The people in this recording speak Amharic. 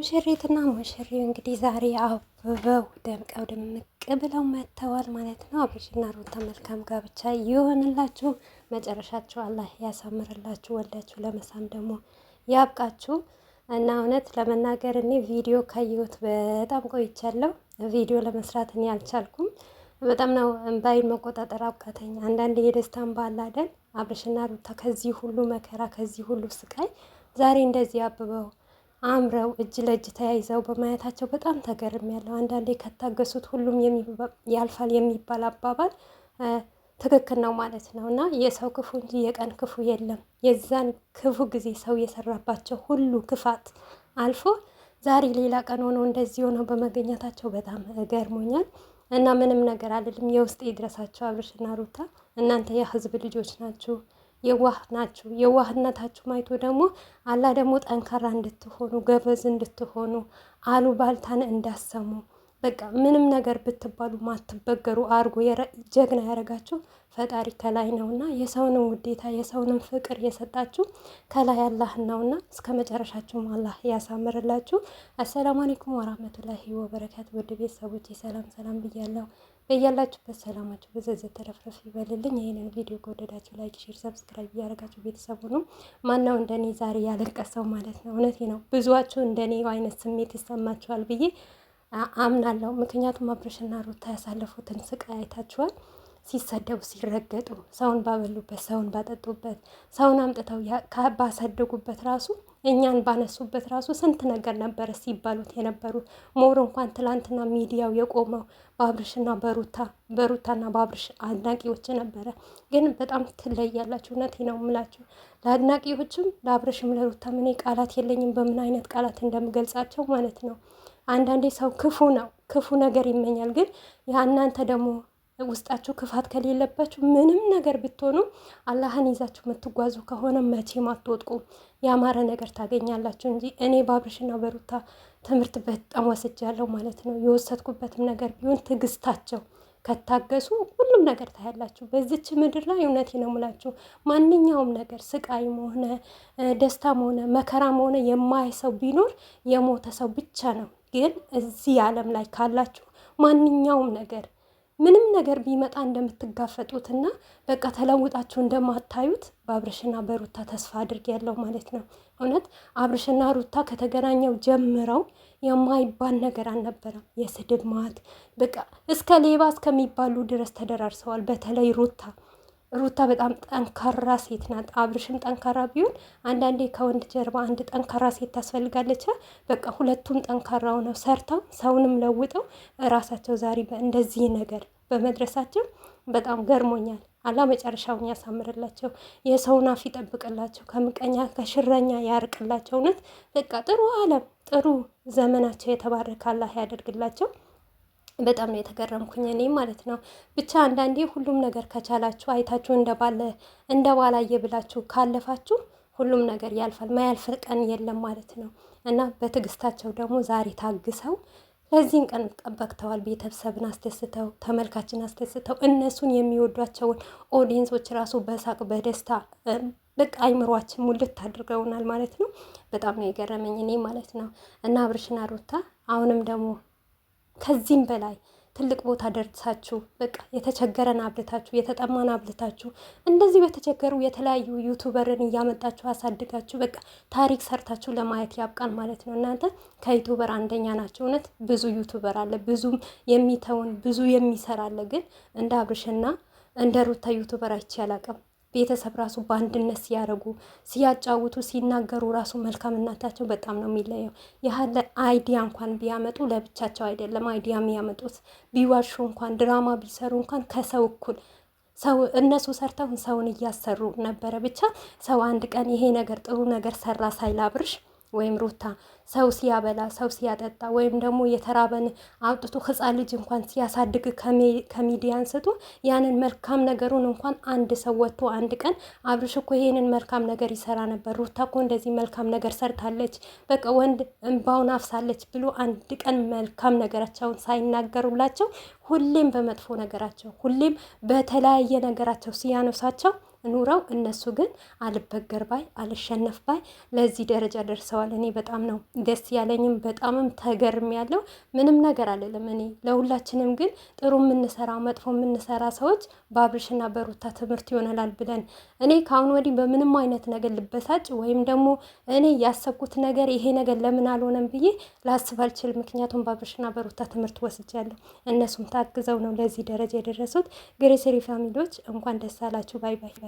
ሙሽሪትና ሙሽሪው እንግዲህ ዛሬ አብበው ደምቀው ድምቅ ብለው መጥተዋል ማለት ነው። አብርሽና ሩታ መልካም ጋብቻ ይሆንላችሁ፣ መጨረሻችሁ አላህ ያሳምርላችሁ፣ ወልዳችሁ ለመሳም ደግሞ ያብቃችሁ። እና እውነት ለመናገር እኔ ቪዲዮ ካየሁት በጣም ቆይቻለሁ። ቪዲዮ ለመስራት እኔ አልቻልኩም። በጣም ነው እምባይን መቆጣጠር አውቃተኝ። አንዳንድ የደስታ እምባ አላደን አብርሽና ሩታ ከዚህ ሁሉ መከራ ከዚህ ሁሉ ስቃይ ዛሬ እንደዚህ አብበው አምረው እጅ ለእጅ ተያይዘው በማየታቸው በጣም ተገርም ያለው። አንዳንዴ ከታገሱት ሁሉም ያልፋል የሚባል አባባል ትክክል ነው ማለት ነው። እና የሰው ክፉ እንጂ የቀን ክፉ የለም። የዛን ክፉ ጊዜ ሰው የሰራባቸው ሁሉ ክፋት አልፎ ዛሬ ሌላ ቀን ሆነው እንደዚህ ሆነው በመገኘታቸው በጣም ገርሞኛል። እና ምንም ነገር አልልም። የውስጥ ይድረሳቸው አብርሽና ሩታ። እናንተ የህዝብ ልጆች ናችሁ። የዋህ ናቸው። የዋህነታችሁ ማይቶ ደግሞ አላህ ደግሞ ጠንካራ እንድትሆኑ ገበዝ እንድትሆኑ አሉ ባልታን እንዳሰሙ በቃ ምንም ነገር ብትባሉ ማትበገሩ አርጎ ጀግና ያደረጋችሁ ፈጣሪ ከላይ ነውና የሰውንም ውዴታ የሰውንም ፍቅር የሰጣችሁ ከላይ አላህ ነውና እስከ መጨረሻችሁም አላህ ያሳምርላችሁ። አሰላሙ አሌይኩም ወራህመቱላሂ ወበረካቱ። ውድ ቤተሰቦች ሰላም ሰላም ብያለሁ። በያላችሁበት ሰላማችሁ በዘዘ ተረፍረፍ ይበልልኝ። ይህንን ቪዲዮ ከወደዳችሁ ላይክ፣ ሼር፣ ሰብስክራይብ እያደረጋችሁ ቤተሰቡ ነው። ማናው እንደኔ ዛሬ ያለቀሰው ማለት ነው? እውነቴ ነው። ብዙዋችሁ እንደኔ አይነት ስሜት ይሰማችኋል ብዬ አምናለሁ። ምክንያቱም አብርሽና ሩታ ያሳለፉትን ስቃይ አይታችኋል። ሲሰደቡ ሲረገጡ ሰውን ባበሉበት ሰውን ባጠጡበት ሰውን አምጥተው ባሳደጉበት ራሱ እኛን ባነሱበት ራሱ ስንት ነገር ነበረ ሲባሉት የነበሩት ሞር እንኳን ትላንትና ሚዲያው የቆመው በአብርሽና በሩታ በሩታና በአብርሽ አድናቂዎች ነበረ። ግን በጣም ትለያላችሁ። እውነቴ ነው የምላችሁ ለአድናቂዎችም ለአብርሽም ለሩታ እኔ ቃላት የለኝም፣ በምን አይነት ቃላት እንደምገልጻቸው ማለት ነው። አንዳንዴ ሰው ክፉ ነው ክፉ ነገር ይመኛል። ግን እናንተ ደግሞ ውስጣችሁ ክፋት ከሌለባችሁ ምንም ነገር ብትሆኑ አላህን ይዛችሁ የምትጓዙ ከሆነ መቼም አትወጥቁ፣ ያማረ ነገር ታገኛላችሁ እንጂ እኔ በአብርሽና በሩታ ትምህርት በጣም ወስጃለሁ ማለት ነው። የወሰድኩበትም ነገር ቢሆን ትዕግስታቸው ከታገሱ ሁሉም ነገር ታያላችሁ። በዚች ምድር ላይ እውነት ነው የምላችሁ ማንኛውም ነገር ስቃይም ሆነ ደስታም ሆነ መከራም ሆነ የማያይ ሰው ቢኖር የሞተ ሰው ብቻ ነው። ግን እዚህ ዓለም ላይ ካላችሁ ማንኛውም ነገር ምንም ነገር ቢመጣ እንደምትጋፈጡትና በቃ ተለውጣችሁ እንደማታዩት በአብርሽና በሩታ ተስፋ አድርግ ያለው ማለት ነው። እውነት አብርሽና ሩታ ከተገናኘው ጀምረው የማይባል ነገር አልነበረም። የስድብ ማት በቃ እስከ ሌባ እስከሚባሉ ድረስ ተደራርሰዋል። በተለይ ሩታ ሩታ በጣም ጠንካራ ሴት ናት። አብርሽም ጠንካራ ቢሆን አንዳንዴ ከወንድ ጀርባ አንድ ጠንካራ ሴት ታስፈልጋለች። በቃ ሁለቱም ጠንካራ ሆነው ሰርተው ሰውንም ለውጠው ራሳቸው ዛሬ እንደዚህ ነገር በመድረሳቸው በጣም ገርሞኛል። አላ መጨረሻውን ያሳምርላቸው፣ የሰውን አፍ ይጠብቅላቸው፣ ከምቀኛ ከሽረኛ ያርቅላቸው። እውነት በቃ ጥሩ አለም ጥሩ ዘመናቸው የተባረከ አላህ ያደርግላቸው። በጣም ነው የተገረምኩኝ እኔ ማለት ነው። ብቻ አንዳንዴ ሁሉም ነገር ከቻላችሁ አይታችሁ እንደባለ እንደባላየ ብላችሁ ካለፋችሁ ሁሉም ነገር ያልፋል። ማያልፍ ቀን የለም ማለት ነው እና በትዕግስታቸው ደግሞ ዛሬ ታግሰው ለዚህን ቀን ጠበቅተዋል። ቤተሰብን አስደስተው ተመልካችን አስደስተው እነሱን የሚወዷቸውን ኦዲየንሶች ራሱ በሳቅ በደስታ በቃ አይምሯችን ሙልት አድርገውናል ማለት ነው። በጣም ነው የገረመኝ እኔ ማለት ነው እና አብርሽና ሩታ አሁንም ደግሞ ከዚህም በላይ ትልቅ ቦታ ደርሳችሁ በቃ የተቸገረን አብልታችሁ የተጠማን አብልታችሁ እንደዚህ በተቸገሩ የተለያዩ ዩቱበርን እያመጣችሁ አሳድጋችሁ በቃ ታሪክ ሰርታችሁ ለማየት ያብቃን ማለት ነው። እናንተ ከዩቱበር አንደኛ ናቸው። እውነት ብዙ ዩቱበር አለ፣ ብዙም የሚተውን ብዙ የሚሰራ አለ። ግን እንደ አብርሽና እንደ ሩታ ዩቱበር አይቼ አላውቅም። ቤተሰብ ራሱ በአንድነት ሲያደርጉ ሲያጫውቱ ሲናገሩ ራሱ መልካምናታቸው በጣም ነው የሚለየው። ያለ አይዲያ እንኳን ቢያመጡ ለብቻቸው አይደለም አይዲያ የሚያመጡት። ቢዋሹ እንኳን ድራማ ቢሰሩ እንኳን ከሰው እኩል ሰው እነሱ ሰርተውን ሰውን እያሰሩ ነበረ። ብቻ ሰው አንድ ቀን ይሄ ነገር ጥሩ ነገር ሰራ ሳይላብርሽ ወይም ሩታ ሰው ሲያበላ ሰው ሲያጠጣ ወይም ደግሞ የተራበን አውጥቶ ህፃን ልጅ እንኳን ሲያሳድግ ከሚዲያ አንስቶ ያንን መልካም ነገሩን እንኳን አንድ ሰው ወጥቶ አንድ ቀን አብርሽ እኮ ይሄንን መልካም ነገር ይሰራ ነበር፣ ሩታ እኮ እንደዚህ መልካም ነገር ሰርታለች፣ በቃ ወንድ እንባውን አፍሳለች ብሎ አንድ ቀን መልካም ነገራቸውን ሳይናገሩላቸው ሁሌም በመጥፎ ነገራቸው ሁሌም በተለያየ ነገራቸው ሲያነሳቸው ኑረው እነሱ ግን አልበገር ባይ አልሸነፍ ባይ ለዚህ ደረጃ ደርሰዋል። እኔ በጣም ነው ደስ ያለኝም በጣምም ተገርም ያለው ምንም ነገር አለለም እኔ ለሁላችንም ግን ጥሩ የምንሰራ መጥፎ የምንሰራ ሰዎች በአብርሽና በሩታ ትምህርት ይሆነላል ብለን እኔ ከአሁን ወዲህ በምንም አይነት ነገር ልበሳጭ ወይም ደግሞ እኔ ያሰብኩት ነገር ይሄ ነገር ለምን አልሆነም ብዬ ላስብ አልችል። ምክንያቱም በአብርሽና በሩታ ትምህርት ወስጃለሁ። እነሱም ታግዘው ነው ለዚህ ደረጃ የደረሱት። ግሬሰሪ ፋሚሊዎች እንኳን ደስ አላችሁ። ባይ ባይ።